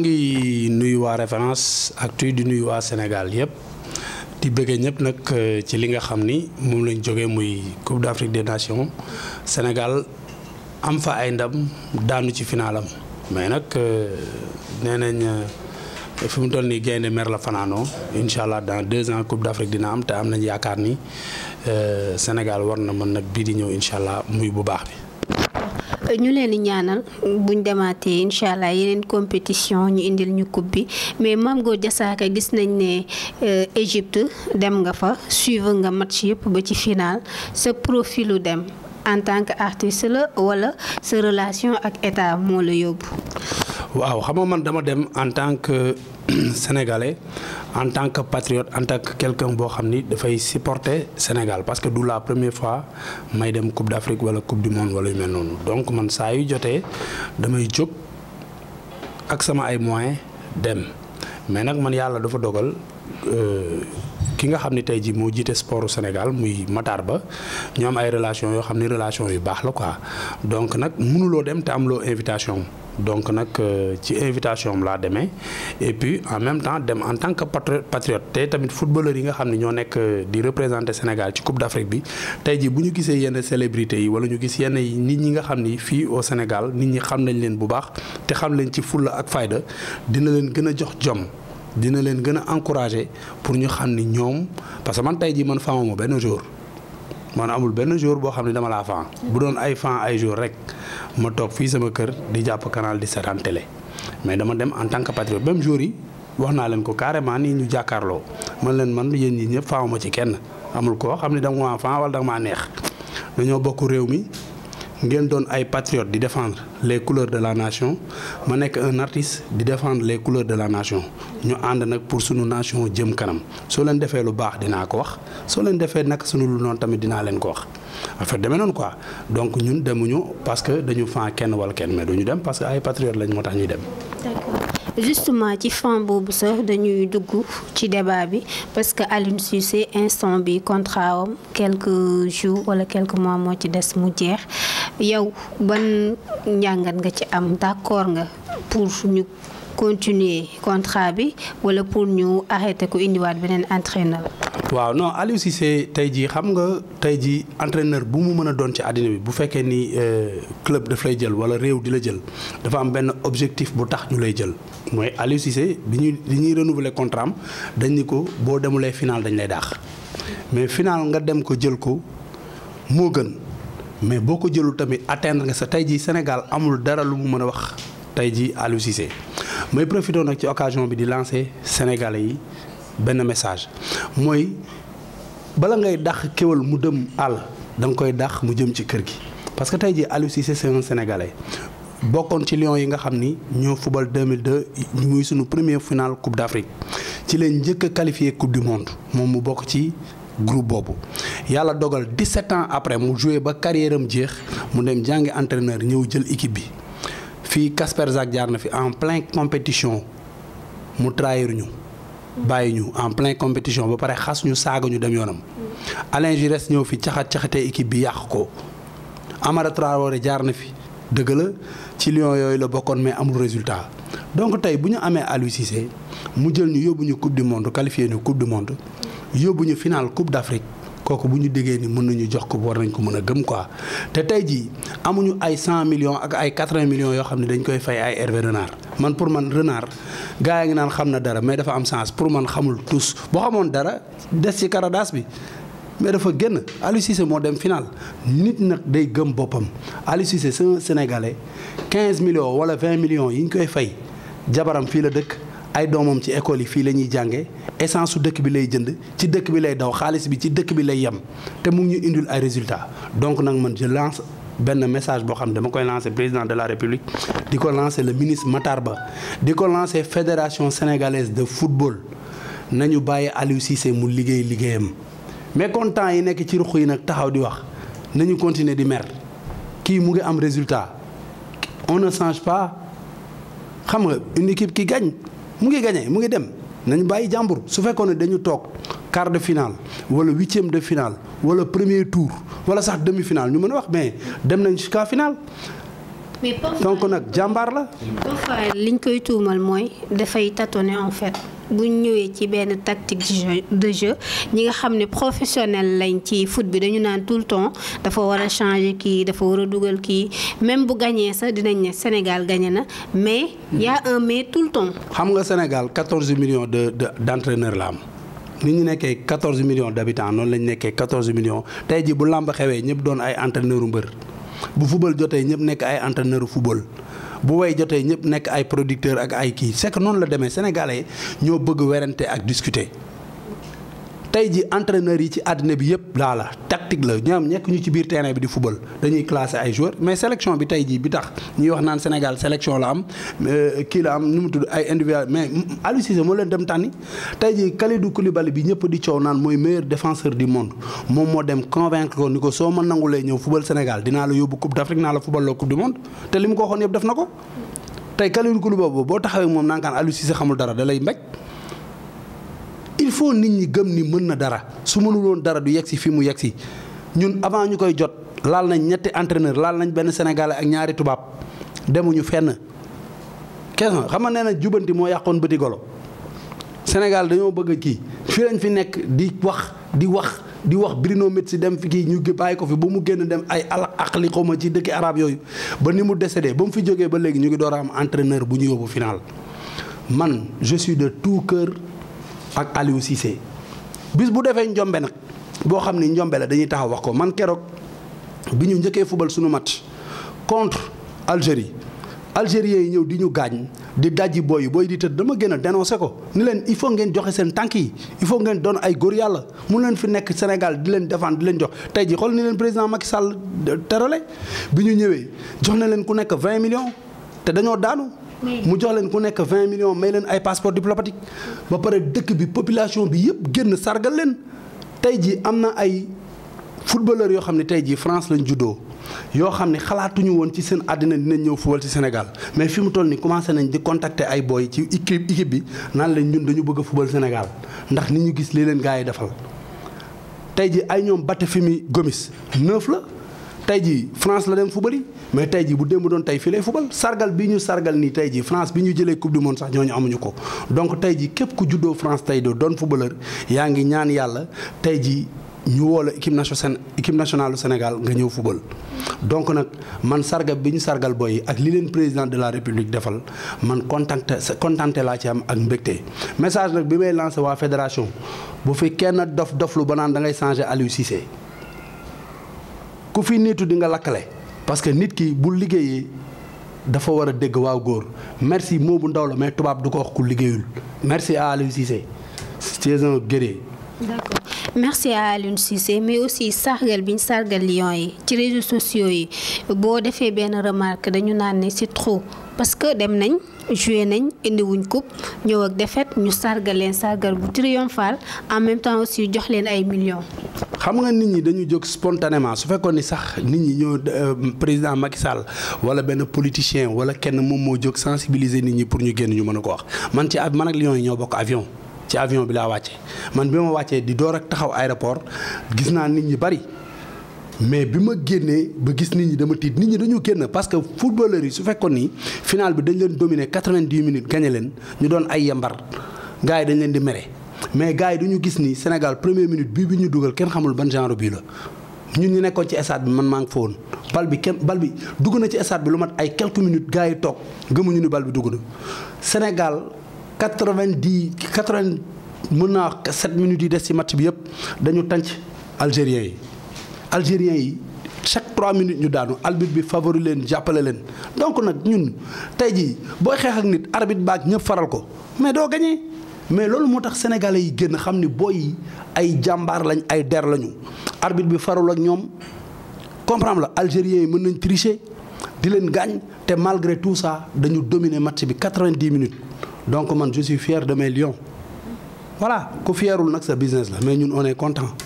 ngi nuyu waa référence actu di nuyu waa Sénégal yëpp di bëggee ñëpp nag euh, ci li nga xam ni moom lañ jógee muy Coupe d'Afrique des Nations Sénégal am fa ay ndam daanu ci finaalam mais nag euh, nee nañ euh, fi mu toll nii gaynde mer la fanaanoo incha allah dans deux ans Coupe d'Afrique dina am te am nañ yaakaar ni Sénégal war na mën nag bii di ñëw incha allah muy bu baax bi. ñu leen di ñaanal buñ demaatee incha allah yeneen compétition ñu indil ñu coupe bi mais Mame Gor Diazaka gis nañ ne euh, Égypte dem nga fa suivre nga match yëpp ba ci final sa profilu dem en tant que artiste la wala sa relation ak état moo la yóbbu. waaw xam nga man dama dem en tant que sénégalais en tant que patriote en tant que quelqu'un boo xam ni dafay supporter Sénégal parce que du la première fois may dem coupe d'Afrique wala coupe du monde wala yu mel noonu donc man saa yu jotee damay jóg ak sama ay moyen dem mais nag man yàlla dafa dogal. Euh, ki nga xam ni tey jii moo jiite sportu Sénégal muy Matar Ba ñu am ay relation yoo xam ni relation yu baax la ko donc nag mënuloo dem te amuloo invitation donc nag euh, ci invitation am laa demee et puis en même temps dem en tant que patriote tey tamit footballeur yi nga xam ne ñoo nekk euh, di représenter Sénégal ci Coupe d'Afrique bi tey jii bu ñu gisee yenn célébrité yi wala ñu gis yenn nit ñi nga xam ni fii au Sénégal nit ñi xam nañ leen bu baax te xam leen ci fulla ak fayda dina leen gën a jox jom dina leen gën a encourager pour ñu xam ni ñoom parce que man tey jii man fàmmuma benn jour man amul benn jour boo xam ne dama laa fan bu doon ay fan ay jour rek ma toog fii sama kër di jàpp canal di seetaan télé mais dama dem en tant que patriote même jour yi wax naa leen ko carrément nii ñu jàkkaarloo man leen man yéen ñi ñëpp fàmmuma ci kenn amul koo xam ne da nga maa fan wala da maa neex dañoo bokk réew mi. ngeen doon ay patriotes di défendre les couleurs de la nation ma nekk un artiste di défendre les couleurs de la nation ñu ànd nag pour suñu nation jëm kanam soo leen defee lu baax dinaa ko wax soo leen defee nag sunu lu noonu tamit dinaa leen ko wax affaire demee noonu quoi donc ñun demuñu parce que dañu fan kenn wala kenn mais duñu dem parce que ay patriotes lañ moo tax ñuy dem. justement ci fan boobu sax dañuy dugg ci débat bi parce que Aliou Cissé instant bi contrat am quelques jours wala quelque mois moo ci des mu jeex yow ban njàngat nga ci am d'accord nga pour ñu continuer contrat bi wala pour ñu arrêter ko indiwaat beneen entraîneur. waaw non Aliou Cissé tey jii xam nga tey jii entraîneur bu mu mën a doon ci àddina bi bu fekkee ni euh, club daf lay jël wala réew di la jël dafa am benn objectif bu tax ñu lay jël mooy Aliou Cissé bi ñuy bi ñuy renouveler contrat am dañ ni ko boo demulee final dañ lay daax mais final nga dem ko jël ko moo gën mais boo ko jëlul tamit atteindre nga sa tey jii Sénégal amul dara lu mu mën a wax tey jii Aliou Cissé may profité nag ci occasion bi di lancer Sénégalais yi. benn message mooy bala ngay dàq kéwal mu dem àll da nga koy dax mu jëm ci kër gi parce que tey jii Aliou Cissé c'est un bokkoon ci Lions yi nga xam ni ñoo football 2002 muy suñu premier final coupe d'Afrique ci leen njëkk a qualifié du monde moom mu bokk ci group boobu yàlla dogal 17 ans après mu joué ba carrière jeex mu dem jàngi entraîneur ñëw jël équipe bi fii Kasper Zak jaar na fi en plein compétition mu trahir ñu. bàyyi ñu en plein compétition ba pare xas ñu saaga ñu dem yoonam. Alain Giresse ñëw fi caxat caxatee équipe bi yàqu ko Amara Traoré jaar na fi dëgg la ci lion yooyu la bokkoon mais amul résultat donc tey bu ñu amee Aliou Cissé mu jël ñu yóbbu ñu coupe du monde qualifié ñu coupe du monde yóbbu ñu finale coupe d'Afrique. kooku bu ñu déggee ni mun nañu jox ko war nañ ko mën a gëm quoi te tey jii amuñu ay cent millions ak ay quatre-vingts millions yoo xam ne dañu koy fay ay Hervé Renard man pour man Renard gars yi ngi naan xam na dara mais dafa am sens pour man xamul tous boo xamoon dara des ci karadaas bi mais dafa génn Aliou moo dem final nit nag day gëm boppam Aliou Cissé c'est quinze Sénégalais 15 millions wala 20 millions yi ñu koy fay jabaram fii la dëkk. ay doomam ci école yi fii la ñuy jàngee essence su dëkk bi lay jënd ci dëkk bi lay daw xaalis bi ci dëkk bi lay yem te mu ñu indil ay résultats donc nag man je lance benn message boo xam ne dama koy lancer président de la république di ko lancer le ministre Matar Ba di ko lancer fédération sénégalaise de football nañu bàyyi Aliou Cissé mu liggéey liggéeyam mécontents yi nekk ci ruq yi nag taxaw di wax nañu continuer di mer kii mu ngi am résultat on ne change pas xam nga une équipe mu ngi gagné mu ngi dem nañu bàyyi jàmbur su fekkoon ne dañu toog quart de finale wala huitième de finale wala premier tour wala sax demi finale ñu mën a wax mais dem nañ jusqu'à finale. mais donc nag jàmbaar la. liñ koy tuumal mooy dafay tâtonner en fait. bu ñëwee ci benn tactique de jeu ñi nga xam ne professionnel lañ ci foot bi dañu naan tout le temps dafa war a changer kii dafa war a dugal kii même bu gañee sax dinañ ne Sénégal gañe na mais y a un mais tout le temps. xam nga Sénégal 14 millions de de d'entraîneurs la am. ni ñu nekkee 14 millions d'habitants noonu lañu nekkee 14 millions tey ji bu làmb xewee ñëpp doon ay entraîneurs mbër. bu football jotee ñëpp nekk ay entraîneur football bu way jotee ñëpp nekk ay producteur ak ay kii c'est noonu la demee sénégalais ñoo bëgg werante ak discuter. tey ji entraîneurs yi ci àddina bi yëpp laa la tactique la ñoom ñekk ñu ci biir terrain bi di football dañuy classé ay joueurs mais sélection bi tey ji bi tax ñuy wax naan Sénégal sélection la am euh, kii la am nu mu tudd ay individuel mais Aliou Cissé moo leen dem tànni tey ji Kalidou Koulibaly bi ñëpp di coow naan mooy meilleur défenseur du monde moom moo dem convaincre ko ni ko soo ma nangulee ñëw football Sénégal dinaa la yóbbu Coupe d'Afrique naa la football la Coupe du te li mu ko waxoon yëpp def na ko tey Kalidou Koulibaly boo taxawee moom naan kaan xamul dara da lay mbéj il faut nit ñi gëm ni mën na dara su mënul woon dara du yegg si fi mu yegg si ñun avant ñu koy jot laal nañ ñetti entraîneur laal nañ benn sénégalais ak ñaari tubaab demuñu fenn. kenn xam nga nee na jubanti moo yàqoon bëti golo Sénégal dañoo bëgg kii fi lañ fi nekk di wax di wax di wax Bruno Metsu dem fi kii ñu bàyyi ko fi bu mu génn dem ay al aqli xawma ci dëkki arab yooyu ba ni mu décédé ba mu fi jógee ba léegi ñu ngi door a am entraîneur bu ñu yóbbu final man ak Aliou Cissé bis bu defee njombe nag boo xam ne njombe la dañuy taxaw wax ko man keroog bi ñu njëkkee fubal suñu match contre Algérie algériens yi ñëw di ñu gaañ di dajji booy yi booy di tëdd dama gën a dénoncé ko ni leen il faut ngeen joxe seen tànk yi il faut ngeen doon ay góor yàlla mun leen fi nekk Sénégal di leen défendre di leen jox tey ji xool ni leen président Macky Sall terale bi ñu ñëwee jox na leen ku nekk vingt millions te dañoo daanu. mu jox leen ku nekk vingt millions may leen ay passeport diplomatique ba pare dëkk bi population bi yëpp génn sargal leen tey jii am na ay footballeurs yoo xam ne tey jii France lañ juddoo yoo xam ne xalaatuñu woon ci seen àddina dinañ ñëw football ci Sénégal mais fi mu toll ni commencé nañ di contacter ay boy ci équipe équipe bi naan leen ñun dañu bëgg a football Sénégal ndax ni ñu gis lii leen gars yi defal tey ji ay ñoom Bate fi mi Gomis neuf la. tey jii France la dem fu fubali mais tey jii bu démb doon tey fii lay fubal sargal bi ñu sargal nii tey jii France bi ñu jëlee coupe du monde sax ñooñu amuñu ko donc tey jii képp ku juddoo France tey doo doon footballeur yaa ngi ñaan yàlla tey jii ñu woo la équipe nationale équipe nationale Sénégal nga ñëw football donc nag man sarga bi ñu sargal booy ak li leen président de la république defal man contente contenté laa ci am ak mbégte message nag bi may lancé waa fédération bu fi kenn dof doflu ba naan da ngay changé Aliou ku fi niitu di nga lakkale parce que nit ki bu liggéeyee dafa war a dégg waaw góor merci moo bu ndaw la mais tubaab du ko wax ku liggéeyul merci à Aliou Cissé c'est un guerrier. d'accord merci à Aliou Cissé mais aussi sargal biñ sargal Lions yi ci réseaux sociaux yi boo defee benn remarque dañu naan ne c'est trop parce que dem nañ joué nañ indiwuñ coupe ñëw ak defet ñu sargal leen sargal bu triomphal en même temps aussi jox leen ay millions. xam nga nit ñi dañu jóg spontanément su fekkoon ni sax nit ñi ñoo euh, président Macky Sall wala benn politicien wala kenn moom moo jóg sensibiliser nit ñi pour ñu génn ñu mën a ko wax man ci man ak Lions yi ñoo bokk avion. ci avion bi laa wàcce man bi ma wàccee di door ak taxaw aéroport gis naa nit ñi bari mais bi ma génnee ba gis nit ñi dama tiit nit ñi dañu génn parce que footballeurs yi su fekkoon ni final bi dañ leen dominer quatre-vingt-dix minutes gagné leen ñu doon ay yambar gars dañ leen di mere. mais gars yi du ñu gis ni Sénégal première minute bii bi ñu dugal kenn xamul ban genre bii la. ñun ñu nekkoon ci stade bi man maa ngi fa bal bi kenn bal bi dugg na ci stade bi lu mat ay quelques minutes gars yi toog gëmuñu ni bal bi dugg na Sénégal quatre vingt di quatre-vingt mën naa wax sept yi des ci match bi yëpp dañu tànc algériens yi. algériens yi chaque trois minutes ñu daanu arbitre bi favori leen jàppale leen donc nag ñun tey ji booy xeex ak nit arbitre baag ñëpp faral ko mais loolu moo tax sénégalais yi génn xam ni booy ay jàmbaar lañ ay der lañu arbitre bi farul ak ñoom comprendre la algériens yi mën nañ tricher di leen gaañ te malgré tout ça dañu dominer match bi 90 minutes donc man je suis fier de mes lions voilà ku fierul nag sa business la mais ñun on est content